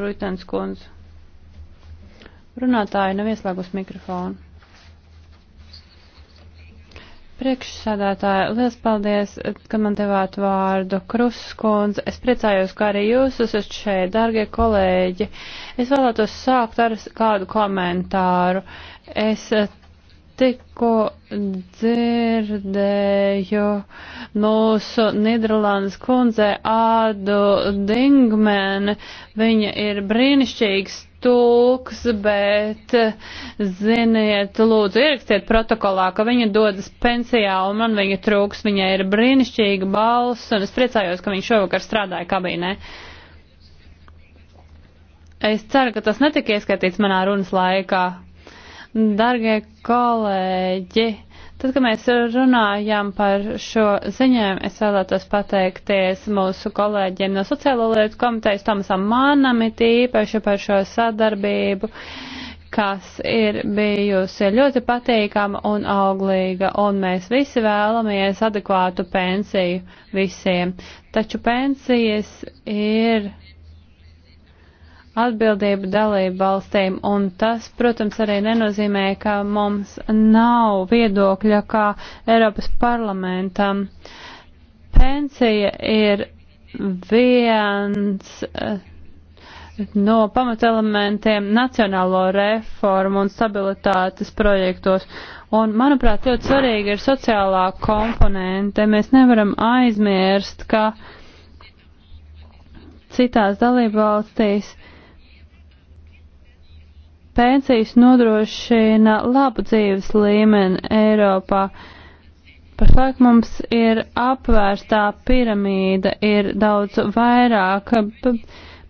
Ruitens kundze. Runātāji nav ieslēgus mikrofonu. Priekšsādātāji, liels paldies, ka man devāt vārdu. Krusas kundze, es priecājos, ka arī jūs esat šeit, dargie kolēģi. Es vēlētos sākt ar kādu komentāru. Es tikko dzirdēju mūsu Nīderlandes kundzē Ādu Dingmēne. Viņa ir brīnišķīgs tulks, bet ziniet, lūdzu ierakstiet protokolā, ka viņa dodas pensijā un man viņa trūks. Viņai ir brīnišķīga balss un es priecājos, ka viņa šovakar strādāja kabīnē. Es ceru, ka tas netika ieskaitīts manā runas laikā. Dargie kolēģi, tad, kad mēs runājām par šo ziņojumu, es vēlētos pateikties mūsu kolēģiem no Sociālo lietu komitejas Tomasam Mānam it īpaši par šo sadarbību kas ir bijusi ļoti patīkama un auglīga, un mēs visi vēlamies adekvātu pensiju visiem. Taču pensijas ir atbildību dalību valstīm, un tas, protams, arī nenozīmē, ka mums nav viedokļa kā Eiropas parlamentam. Pensija ir viens eh, no pamatelementiem nacionālo reformu un stabilitātes projektos. Un, manuprāt, ļoti svarīga ir sociālā komponente. Mēs nevaram aizmirst, ka citās dalībvalstīs uh, Pēcīs nodrošina labu dzīves līmeni Eiropā. Pašlaik mums ir apvērstā piramīda, ir daudz vairāk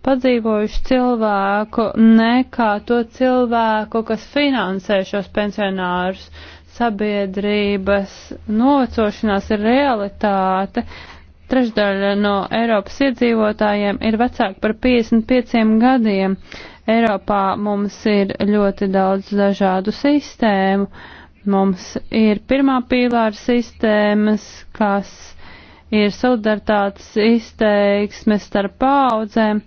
padzīvojuši cilvēku nekā to cilvēku, kas finansē šos pensionārus. Sabiedrības novecošanās ir realitāte, Trešdaļa no Eiropas iedzīvotājiem ir vecāki par 55 gadiem. Eiropā mums ir ļoti daudz dažādu sistēmu. Mums ir pirmā pīlāra sistēmas, kas ir solidaritātes izteiksmes starp paudzēm,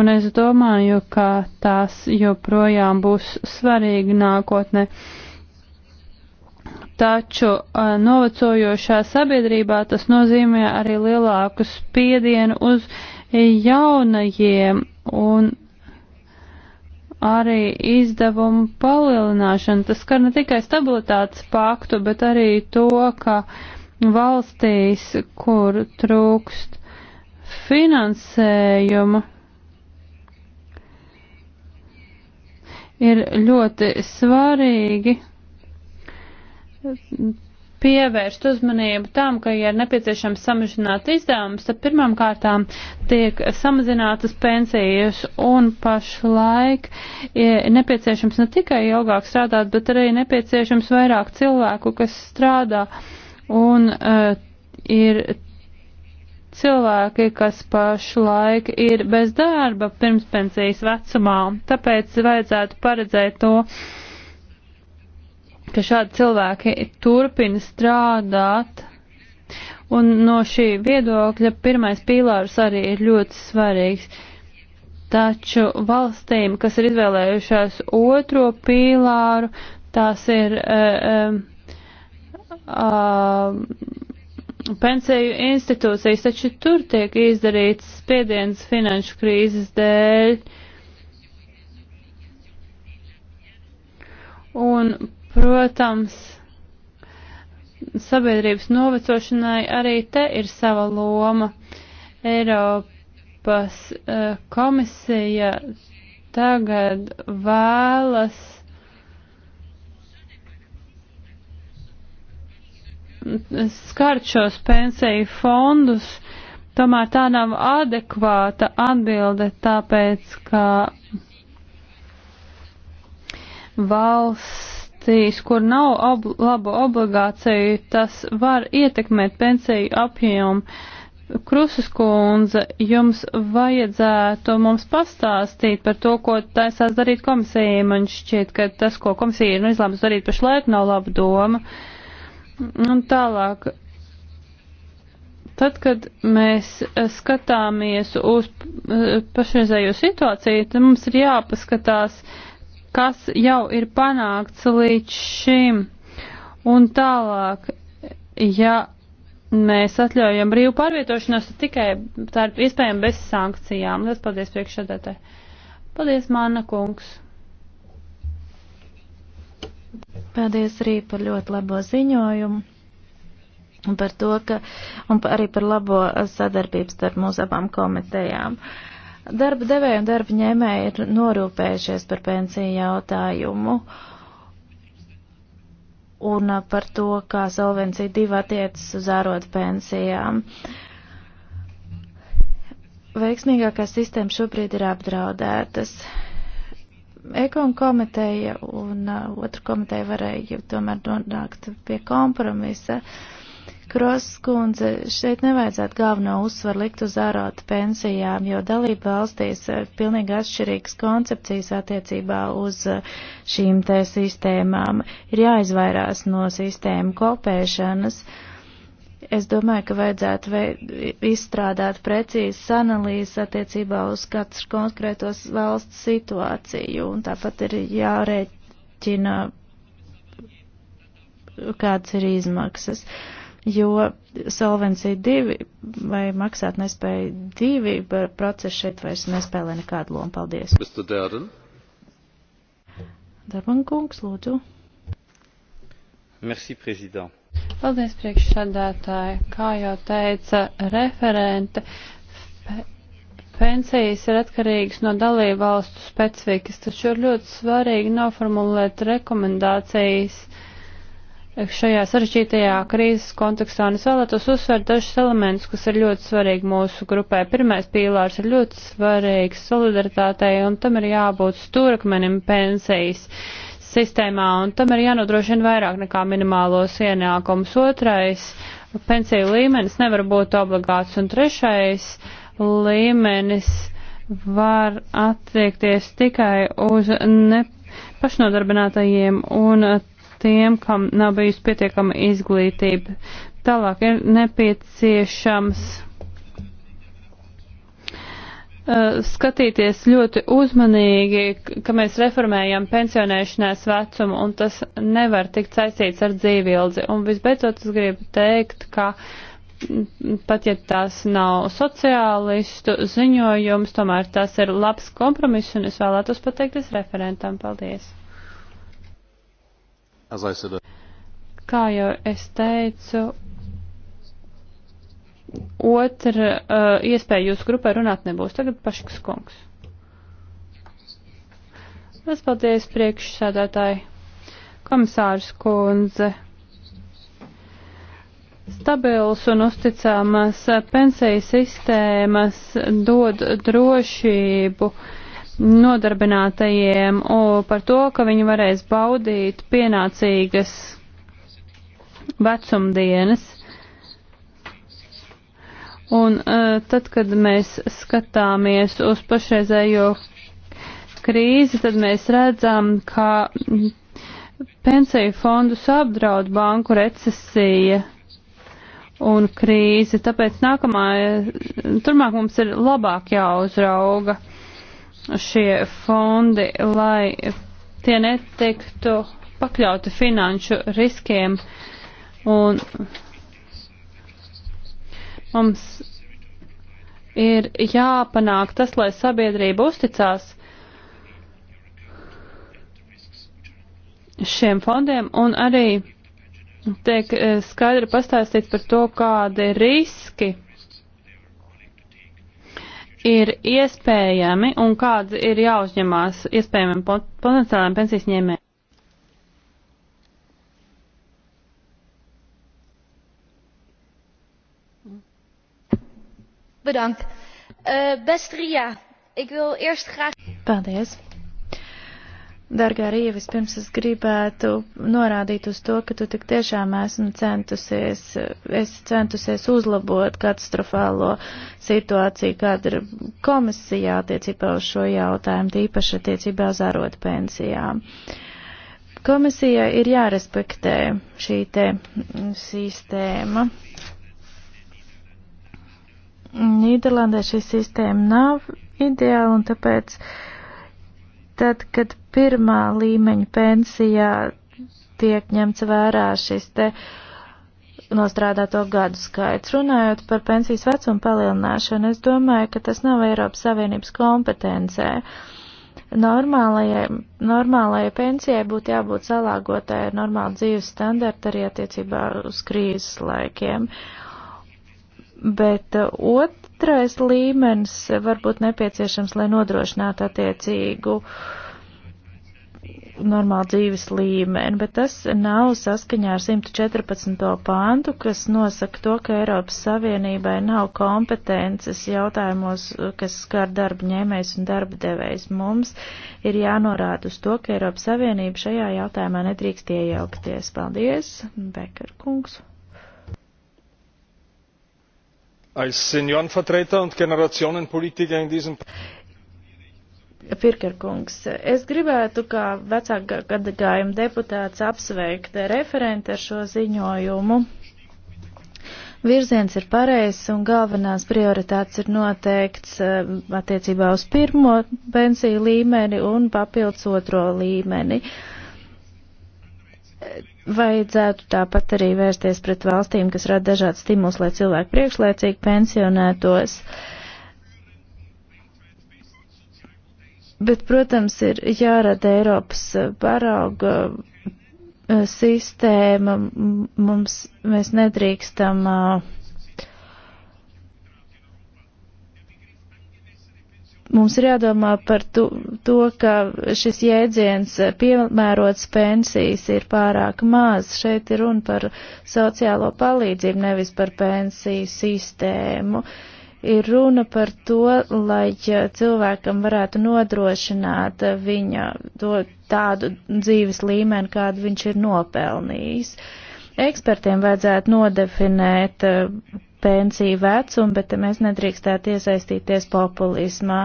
un es domāju, ka tās joprojām būs svarīgi nākotnē taču novecojošā sabiedrībā tas nozīmē arī lielāku spiedienu uz jaunajiem un arī izdevumu palielināšanu. Tas skar ne tikai stabilitātes paktu, bet arī to, ka valstīs, kur trūkst finansējuma, ir ļoti svarīgi pievērst uzmanību tam, ka, ja ir nepieciešams samazināt izdevumus, tad pirmām kārtām tiek samazinātas pensijas un pašlaik ir e, nepieciešams ne tikai ilgāk strādāt, bet arī nepieciešams vairāk cilvēku, kas strādā un uh, ir cilvēki, kas pašlaik ir bez darba pirms pensijas vecumā. Tāpēc vajadzētu paredzēt to, uh, ka šādi cilvēki turpina strādāt. Un no šī viedokļa pirmais pīlārs arī ir ļoti svarīgs. Taču valstīm, kas ir izvēlējušās otro pīlāru, tās ir uh, uh, uh, pensiju institūcijas, taču tur tiek izdarīts spiediens finanšu krīzes dēļ. Un Protams, sabiedrības novecošanai arī te ir sava loma. Eiropas e, komisija tagad vēlas skart šos pensiju fondus, tomēr tā nav adekvāta atbilde, tāpēc, ka valsts valstīs, kur nav ob labu obligāciju, tas var ietekmēt pensiju apjomu. Krusas kundze, jums vajadzētu mums pastāstīt par to, ko taisās darīt komisijai. Man šķiet, ka tas, ko komisija ir nu, izlēmusi darīt pašlaik, nav laba doma. Un tālāk, tad, kad mēs skatāmies uz eh, pašreizējo situāciju, tad mums ir jāpaskatās, uh, kas jau ir panākts līdz šim. Un tālāk, ja mēs atļaujam brīvu pārvietošanos, tad tikai tā ir iespējama bez sankcijām. Lielas paldies priekšsēdētāji. Paldies, Māna kungs. Paldies arī par ļoti labo ziņojumu un par to, ka, un par, arī par labo sadarbību starp mūsu abām komitejām. Uh, Darba devēja un darba ņēmēja ir norūpējušies par pensiju jautājumu un par to, kā solvencija divi attiecas uz ārot pensijām. Veiksmīgākā sistēma šobrīd ir apdraudētas. Ekon komiteja un uh, otra komiteja varēja tomēr nonākt pie kompromisa. Uh, Kroskundze, šeit nevajadzētu galveno uzsvaru likt uz ārātu pensijām, jo dalība valstīs ir eh, pilnīgi atšķirīgas koncepcijas attiecībā uz eh, šīm te sistēmām. Ir jāizvairās no sistēmu kopēšanas. Es domāju, ka vajadzētu izstrādāt precīzas analīzes attiecībā uz katru konkrētos valsts situāciju, un tāpat ir jārēķina, kādas ir izmaksas. Uh, jo solvencija divi vai maksāt nespēja divi procesi šeit vairs nespēlē nekādu lomu. Paldies. Darban kungs, lūdzu. Merci, prezident. Paldies, priekšsādātāji. Kā jau teica referente, pensijas ir atkarīgas no dalībvalstu specifikas, taču ir ļoti svarīgi noformulēt rekomendācijas uh, šajā sarežģītajā krīzes kontekstā, un es vēlētos uzsvērt dažus elementus, kas ir ļoti svarīgi mūsu grupai. Pirmais pīlārs ir ļoti svarīgs solidaritātei, un tam ir jābūt stūrakmenim pensijas sistēmā, un tam ir jānodrošina vairāk nekā minimālos ienākums. Otrais - pensiju līmenis nevar būt obligāts, un trešais - līmenis var attiekties tikai uz ne pašnodarbinātajiem un tiem, kam nav bijusi pietiekama izglītība. Tālāk ir nepieciešams uh, skatīties ļoti uzmanīgi, ka mēs reformējam pensionēšanās vecumu, un tas nevar tikt saistīts ar dzīvildzi. Un visbeidzot, es gribu teikt, ka pat ja tās nav sociālistu ziņojums, tomēr tas ir labs kompromiss, un es vēlētos pateikties referentam. Paldies! Uh, Kā jau es teicu, otra uh, iespēja jūsu grupai runāt nebūs. Tagad pašiks kungs. Es paldies priekšsēdētāji komisārs kundze. Stabils un uzticamas pensijas sistēmas dod drošību. Uh, nodarbinātajiem par to, ka viņi varēs baudīt pienācīgas vecumdienas. Un e, tad, kad mēs skatāmies uz pašreizējo krīzi, tad mēs redzam, ka pensiju fondus apdraud banku recesija un krīze. Tāpēc nākamā, turmāk mums ir labāk jāuzrauga šie fondi, lai tie netiktu pakļauti finanšu riskiem. Un mums ir jāpanāk tas, lai sabiedrība uzticās šiem fondiem un arī tiek eh, skaidri pastāstīts par to, kādi riski ir iespējami un kādi ir jāuzņemās iespējamiem potenciāliem pensijas ņēmējiem? Bedankt. Uh, eh, beste Ria, ik wil eerst graag. Paldies. Dargā Rīja, vispirms es gribētu norādīt uz to, ka tu tik tiešām esmu centusies, es centusies uzlabot katastrofālo situāciju, kāda ir komisijā attiecībā uz šo jautājumu, tīpaši attiecībā uz ārot pensijām. Komisija ir jārespektē šī te sistēma. Nīderlandē šī sistēma nav ideāla un tāpēc. Uh, tad, kad pirmā līmeņa pensijā tiek ņemts vērā šis te nostrādāto gadu skaits. Runājot par pensijas vecumu palielināšanu, es domāju, ka tas nav Eiropas Savienības kompetencē. Normālajai, normālajai pensijai būtu jābūt salāgotai ar normālu dzīves standartu arī attiecībā uz krīzes laikiem. Uh, bet uh, otrais līmenis var būt nepieciešams, lai nodrošinātu attiecīgu normālu dzīves līmeni, bet tas nav saskaņā ar 114. pāntu, kas nosaka to, ka Eiropas Savienībai nav kompetences jautājumos, kas skar darba ņēmējs un darba devējs. Mums ir jānorāda uz to, ka Eiropas Savienība šajā jautājumā nedrīkst iejaukties. Paldies, Bekar kungs! als seniorenvertreter und generationenpolitiker in diesem Pirkerkungs, es gribētu kā vecāka gadagājuma deputāts apsveikt referenti ar šo ziņojumu. Virziens ir pareizs un galvenās prioritātes ir noteikts eh, attiecībā uz pirmo pensiju līmeni un papildus otro līmeni. Uh, Vajadzētu tāpat arī vērsties pret valstīm, kas rada dažādas stimulus, lai cilvēki priekšlaicīgi pensionētos. Bet, protams, ir jārada Eiropas parauga eh, sistēma. Mums, mēs nedrīkstam uh, Mums ir jādomā par to, to, ka šis jēdziens piemērots pensijas ir pārāk maz. Šeit ir runa par sociālo palīdzību, nevis par pensiju sistēmu. Ir runa par to, lai cilvēkam varētu nodrošināt viņa to tādu dzīves līmeni, kādu viņš ir nopelnījis. Ekspertiem vajadzētu nodefinēt pensiju vecumu, bet mēs nedrīkstētu iesaistīties populismā.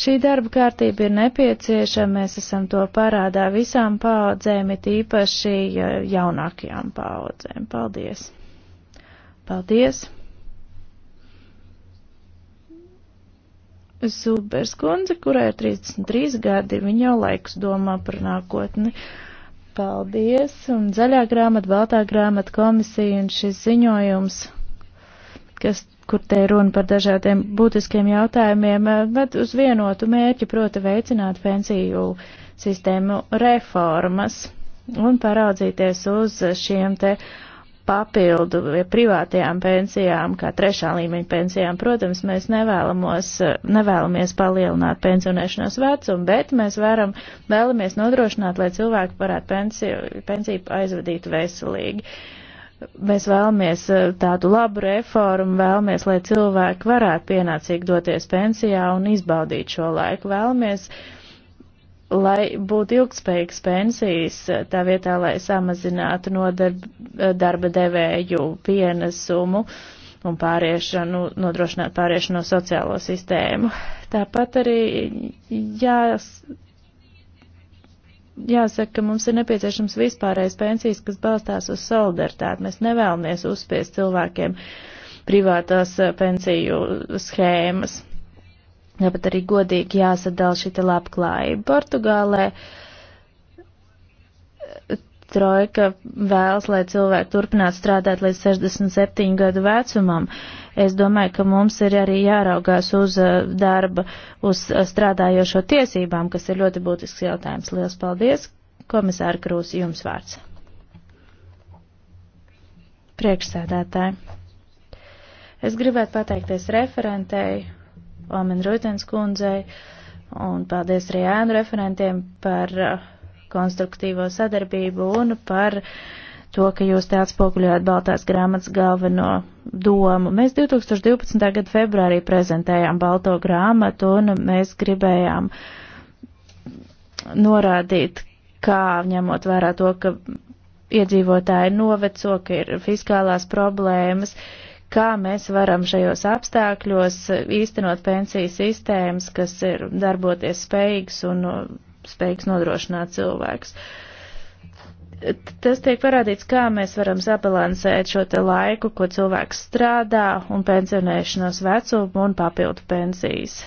Šī darba kārtība ir nepieciešama, mēs esam to parādā visām paaudzēm, it īpaši jaunākajām paaudzēm. Paldies! Paldies! Zubers kundze, kurai ir 33 gadi, viņa jau laiks domā par nākotni. Paldies! Un zaļā grāmata, baltā grāmata komisija un šis ziņojums kas, kur te runa par dažādiem būtiskiem jautājumiem, bet eh, uz vienotu mērķi, proti veicināt pensiju sistēmu reformas un paraudzīties uz šiem te papildu privātajām pensijām, kā trešā līmeņa pensijām. Protams, mēs nevēlamos, nevēlamies palielināt pensionēšanās vecumu, bet mēs varam, vēlamies nodrošināt, lai cilvēki varētu pensiju, pensiju aizvadīt veselīgi. Uh, Mēs vēlamies eh, tādu labu reformu, vēlamies, lai cilvēki varētu pienācīgi doties pensijā un izbaudīt šo laiku. Vēlamies, lai būtu ilgspējīgas pensijas, tā vietā, lai samazinātu no eh, darba devēju pienesumu un pāriešanu, nodrošināt pāriešanu no sociālo sistēmu. Tāpat arī jās jāsaka, ka mums ir nepieciešams vispārējais pensijas, kas balstās uz solidaritāti. Mēs nevēlamies uzspiest cilvēkiem privātās eh, pensiju schēmas. Tāpat arī godīgi jāsadala šī labklājība. Portugālē uh, trojka vēlas, lai cilvēki turpinātu strādāt līdz 67 gadu vecumam. Es domāju, ka mums ir arī jāraugās uz uh, darba, uz uh, strādājošo tiesībām, kas ir ļoti būtisks jautājums. Lielas paldies, komisāra Krūs, jums vārds. Priekšsēdētāji. Es gribētu pateikties referentei, Omen Rūtens kundzei, un paldies arī ēnu referentiem par uh, konstruktīvo sadarbību un par to, ka jūs te atspoguļojāt Baltās grāmatas galveno domu. Mēs 2012. gada februārī prezentējām Balto grāmatu un mēs gribējām norādīt, kā ņemot vērā to, ka iedzīvotāji noveco, ka ir fiskālās problēmas, kā mēs varam šajos apstākļos īstenot pensiju sistēmas, kas ir darboties spējīgas un spējīgs nodrošināt cilvēks. Tas tiek parādīts, kā mēs varam sabalansēt šo te laiku, ko cilvēks strādā un pensionēšanos vecumu un papildu pensijas.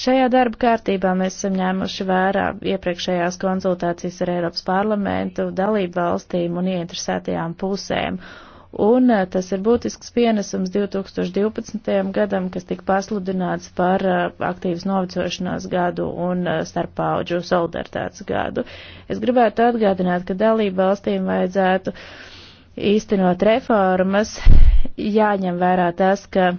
Šajā darba kārtībā mēs esam ņēmuši vērā iepriekšējās konsultācijas ar Eiropas parlamentu, dalību valstīm un ieinteresētajām pusēm un eh, tas ir būtisks pienesums 2012. gadam, kas tika pasludināts par eh, aktīvas novecošanās gadu un eh, starppaudžu solidaritātes gadu. Es gribētu atgādināt, ka dalību valstīm vajadzētu īstenot reformas, jāņem vērā tas, ka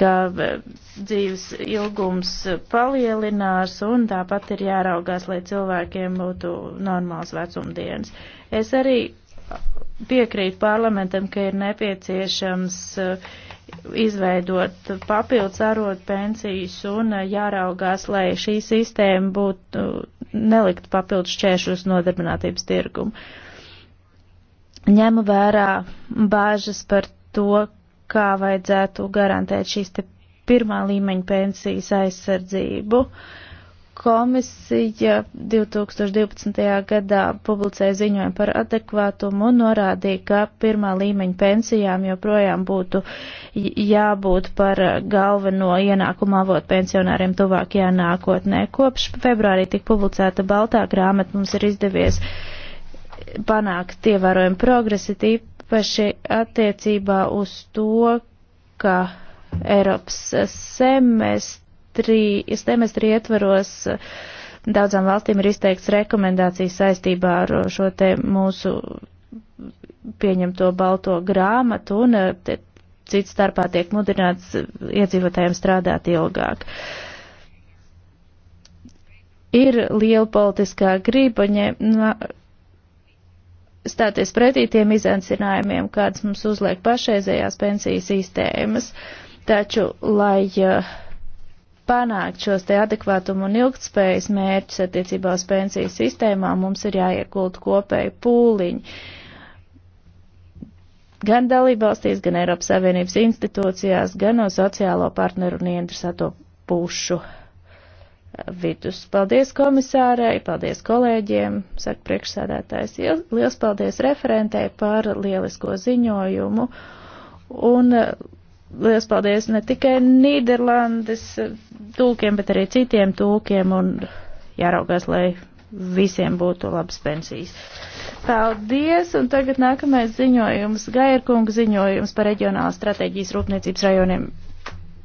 ka dzīves ilgums palielinās un tāpat ir jāraugās, lai cilvēkiem būtu normāls vecumdienas. Es arī piekrīt parlamentam, ka ir nepieciešams eh, izveidot papildus arot pensijas un eh, jāraugās, lai šī sistēma būtu eh, nelikt papildus šķēršļus nodarbinātības tirgumu. Ņemu vērā bāžas par to, kā vajadzētu garantēt šīs te pirmā līmeņa pensijas aizsardzību. Uh, Komisija 2012. gadā publicēja ziņojumu par adekvātumu un norādīja, ka pirmā līmeņa pensijām joprojām būtu jābūt par galveno ienākumu avotu pensionāriem tuvākajā nākotnē. Kopš februārī tika publicēta Baltā grāmata, mums ir izdevies panākt ievērojumu progresi, tīpaši attiecībā uz to, ka Eiropas semestris semestri, semestri ietvaros daudzām valstīm ir izteikts rekomendācijas saistībā ar šo te mūsu pieņemto balto grāmatu un eh, te, cits starpā tiek mudināts iedzīvotājiem strādāt ilgāk. Ir liela politiskā griba ņem, stāties pretī tiem izaicinājumiem, kādas mums uzliek pašreizējās pensijas sistēmas, taču, lai uh, panākt šos te adekvātumu un ilgtspējas mērķus attiecībā uz pensiju sistēmām, mums ir jāiegulda kopēji pūliņi. Gan dalībvalstīs, gan Eiropas Savienības institūcijās, gan no sociālo partneru un ieinteresēto pušu vidus. Paldies komisārai, paldies kolēģiem, saka priekšsēdētājs. Liels paldies referentē par lielisko ziņojumu un Liels paldies ne tikai Nīderlandes tūkiem, bet arī citiem tūkiem un jāraugās, lai visiem būtu labas pensijas. Paldies, un tagad nākamais ziņojums, Gairkunga ziņojums par reģionālas stratēģijas rūpniecības rajoniem